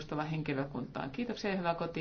avustava henkilökuntaan. Kiitoksia ja hyvää kotiin.